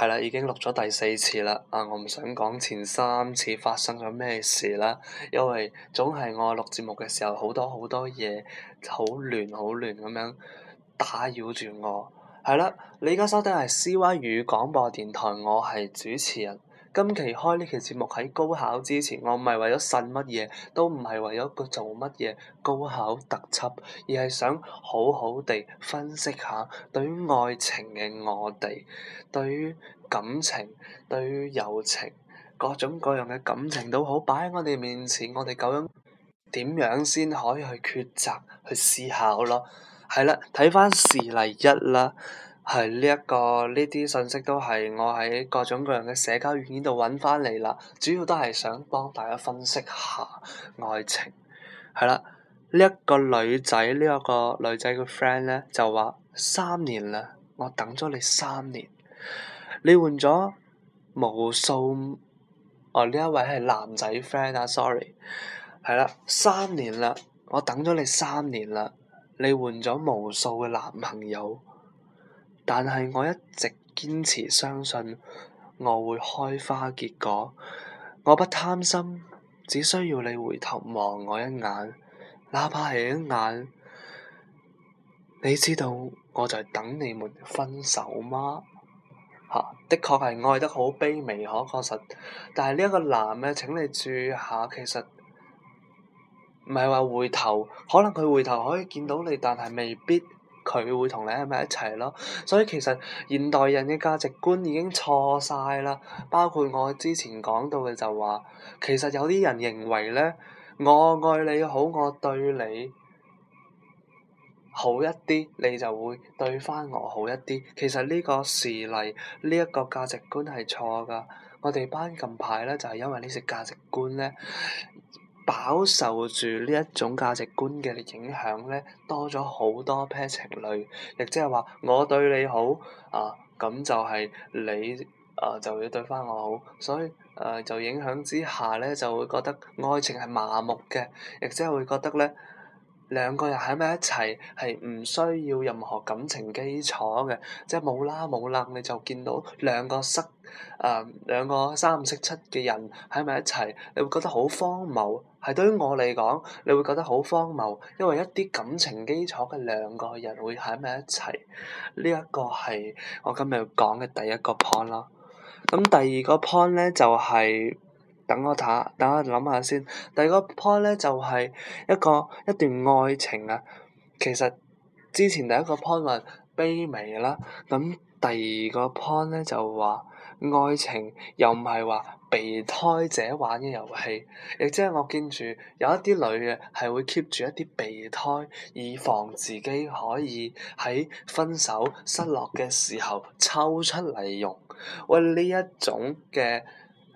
係啦，已經錄咗第四次啦，啊，我唔想講前三次發生咗咩事啦，因為總係我錄節目嘅時候好多好多嘢好亂好亂咁樣打擾住我。係啦，你而家收聽係 CY 語廣播電台，我係主持人。今期開呢期節目喺高考之前，我唔係為咗信乜嘢，都唔係為咗個做乜嘢高考特輯，而係想好好地分析下對於愛情嘅我哋，對於感情，對於友情，各種各樣嘅感情都好擺喺我哋面前，我哋究竟點樣先可以去抉擇去思考咯？係啦，睇返事例一啦。係呢一個呢啲信息都係我喺各種各樣嘅社交軟件度揾翻嚟啦。主要都係想幫大家分析下愛情係啦。呢一個女仔，呢一個女仔嘅 friend 咧就話三年啦，我等咗你三年，你換咗無數。哦，呢一位係男仔 friend 啊，sorry 係啦，三年啦，我等咗你三年啦，你換咗無數嘅男朋友。但係我一直堅持相信我會開花結果，我不貪心，只需要你回頭望我一眼，哪怕係一眼。你知道我在等你們分手嗎？的確係愛得好卑微，可確實。但係呢一個男咧，請你注意下，其實唔係話回頭，可能佢回頭可以見到你，但係未必。佢會同你喺埋一齊咯，所以其實現代人嘅價值觀已經錯晒啦。包括我之前講到嘅就話，其實有啲人認為咧，我愛你好，我對你好一啲，你就會對翻我好一啲。其實呢個事例呢一個價值觀係錯㗎。我哋班近排咧就係因為呢隻價值觀咧。飽受住呢一種價值觀嘅影響咧，多咗好多 pair 情侶，亦即係話我對你好啊，咁就係你啊就會對返我好，所以誒、啊、就影響之下咧，就會覺得愛情係麻木嘅，亦即係會覺得咧。兩個人喺埋一齊係唔需要任何感情基礎嘅，即係冇啦冇楞，你就見到兩個識，誒、呃、兩個三唔識七嘅人喺埋一齊，你會覺得好荒謬。係對於我嚟講，你會覺得好荒謬，因為一啲感情基礎嘅兩個人會喺埋一齊，呢、這、一個係我今日要講嘅第一個 point 咯。咁第二個 point 咧就係、是。等我睇下，等我諗下先。第二個 point 咧就係、是、一個一段愛情啊，其實之前第一個 point 話卑微啦，咁第二個 point 咧就話、是、愛情又唔係話備胎者玩嘅遊戲，亦即係我見住有一啲女嘅係會 keep 住一啲備胎，以防自己可以喺分手失落嘅時候抽出嚟用。喂，呢一種嘅～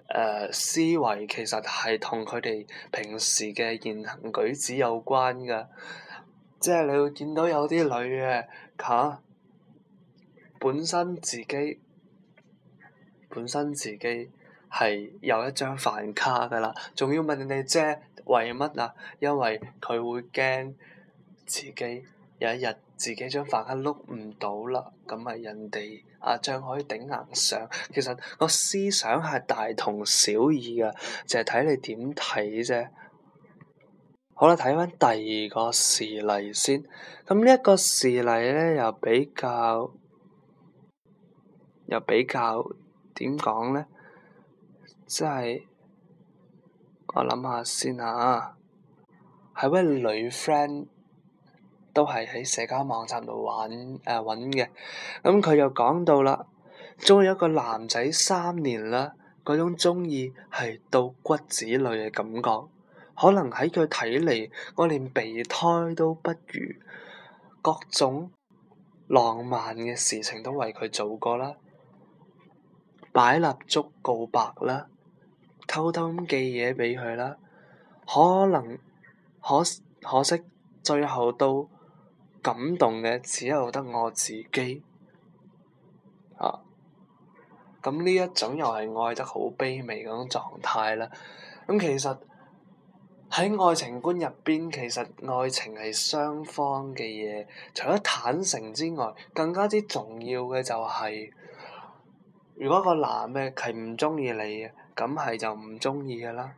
Uh, 思維其實係同佢哋平時嘅言行舉止有關嘅，即係你會見到有啲女嘅、啊、本身自己本身自己係有一張飯卡嘅啦，仲要問你借，為乜啊？因為佢會驚自己。有一日自己飯、啊、張飯卡碌唔到啦，咁啊人哋啊張可以頂硬上。其實個思想係大同小異嘅，淨係睇你點睇啫。好啦，睇翻第二個事例先。咁呢一個事例咧，又比較又比較點講咧？即係我諗下先啊，係位女 friend。都係喺社交網站度玩誒揾嘅。咁佢又講到啦，鍾意一個男仔三年啦，嗰種鍾意係到骨子裡嘅感覺。可能喺佢睇嚟，我連備胎都不如。各種浪漫嘅事情都為佢做過啦，擺蠟燭告白啦，偷偷咁寄嘢俾佢啦。可能可可惜，最後都。感動嘅只有得我自己，啊！咁呢一種又係愛得好卑微嗰種狀態啦。咁其實喺愛情觀入邊，其實愛情係雙方嘅嘢，除咗坦誠之外，更加之重要嘅就係、是，如果個男嘅係唔鍾意你嘅，咁係就唔鍾意嘅啦。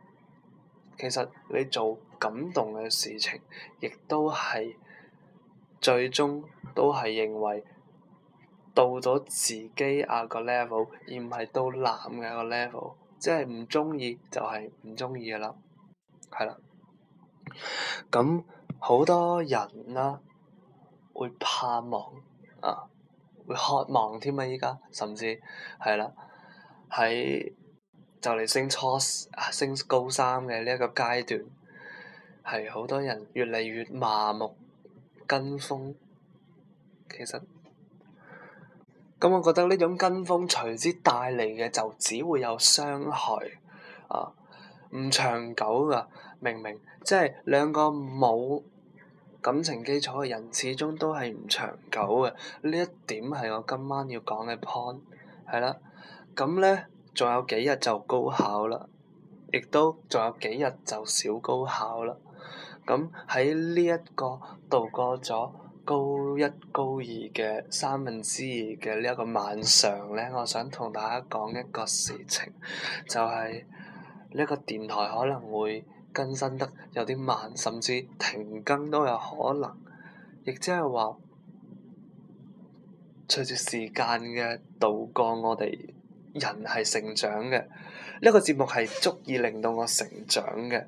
其實你做感動嘅事情，亦都係。最終都係認為到咗自己啊個 level，而唔係到男嘅個 level，即係唔鍾意就係唔鍾意噶啦，係啦，咁好多人啦、啊、會盼望啊，會渴望添啊依家，甚至係啦喺就嚟升初、啊、升高三嘅呢一個階段，係好多人越嚟越麻木。跟風，其實咁，我覺得呢種跟風，隨之帶嚟嘅就只會有傷害啊，唔長久㗎。明明即係兩個冇感情基礎嘅人，始終都係唔長久嘅。呢一點係我今晚要講嘅 point，係啦。咁呢，仲有幾日就高考啦，亦都仲有幾日就小高考啦。咁喺呢一個度過咗高一高二嘅三分之二嘅呢一個晚上咧，我想同大家講一個事情，就係呢一個電台可能會更新得有啲慢，甚至停更都有可能。亦即係話，隨住時間嘅度過我，我哋人係成長嘅。呢一個節目係足以令到我成長嘅。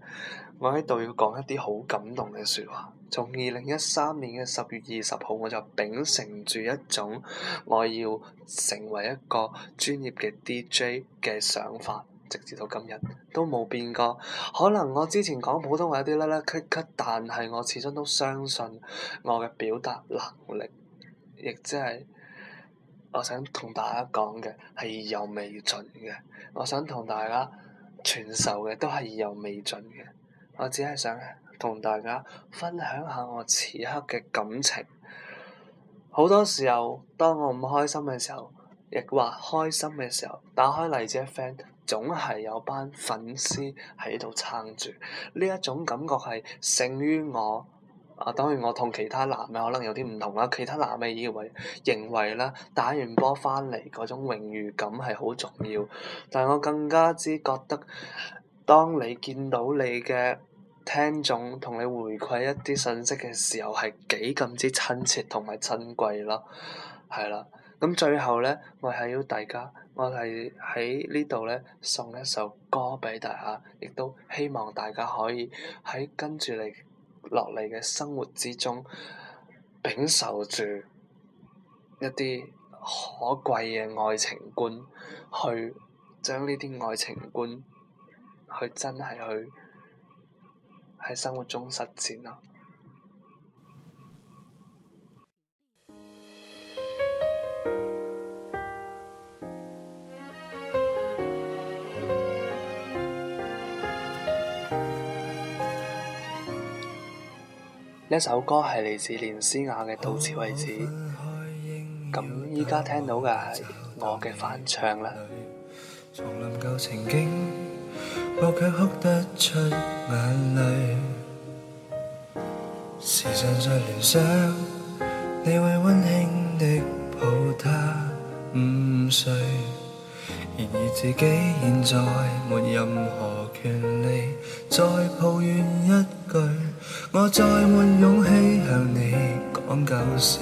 我喺度要講一啲好感動嘅説話。從二零一三年嘅十月二十號，我就秉承住一種我要成為一個專業嘅 DJ 嘅想法，直至到今日都冇變過。可能我之前講普通話有啲啦啦咳咳，但係我始終都相信我嘅表達能力，亦即係我想同大家講嘅係意猶未盡嘅。我想同大家傳授嘅都係意猶未盡嘅。我只係想同大家分享下我此刻嘅感情。好多時候，當我唔開心嘅時候，亦或開心嘅時候，打開荔枝 friend，總係有班粉絲喺度撐住。呢一種感覺係勝於我。啊，當然我同其他男嘅可能有啲唔同啦。其他男嘅以為認為啦，打完波翻嚟嗰種榮譽感係好重要，但係我更加之覺得，當你見到你嘅聽眾同你回饋一啲信息嘅時候係幾咁之親切同埋珍貴囉，係啦，咁最後咧，我係要大家，我係喺呢度咧送一首歌畀大家，亦都希望大家可以喺跟住你落嚟嘅生活之中，秉承住一啲可貴嘅愛情觀，去將呢啲愛情觀去真係去。喺生活中實踐咯。呢一首歌係嚟自連詩雅嘅《到此為止》，咁依家聽到嘅係我嘅翻唱咧。我卻哭得出眼淚，時常在聯想，你會溫馨的抱他午睡。然而自己現在沒任何權利再抱怨一句，我再沒勇氣向你講舊事，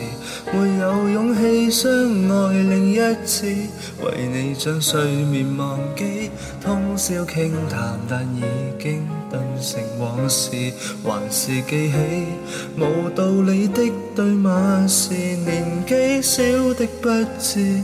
沒有勇氣相愛另一次，為你將睡眠忘記，通宵傾談，談，但已經頓成往事，還是記起，無道理的對罵是年紀小的不智。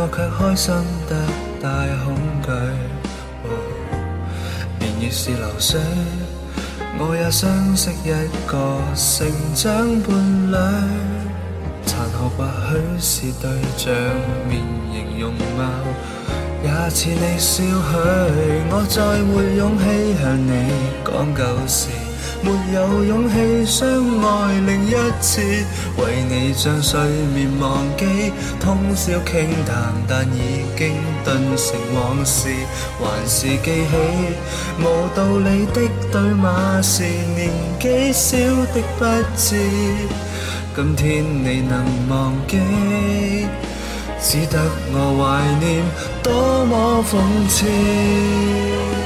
我卻開心得帶恐懼，年、哦、月是流水，我也相識一個成長伴侶，殘酷或許是對象，面形容貌，也似你笑許，我再沒勇氣向你講舊事。沒有勇氣相愛另一次，為你將睡眠忘記，通宵傾談，但已經頓成往事，還是記起。無道理的對罵是年紀小的不智，今天你能忘記，只得我懷念，多麼諷刺。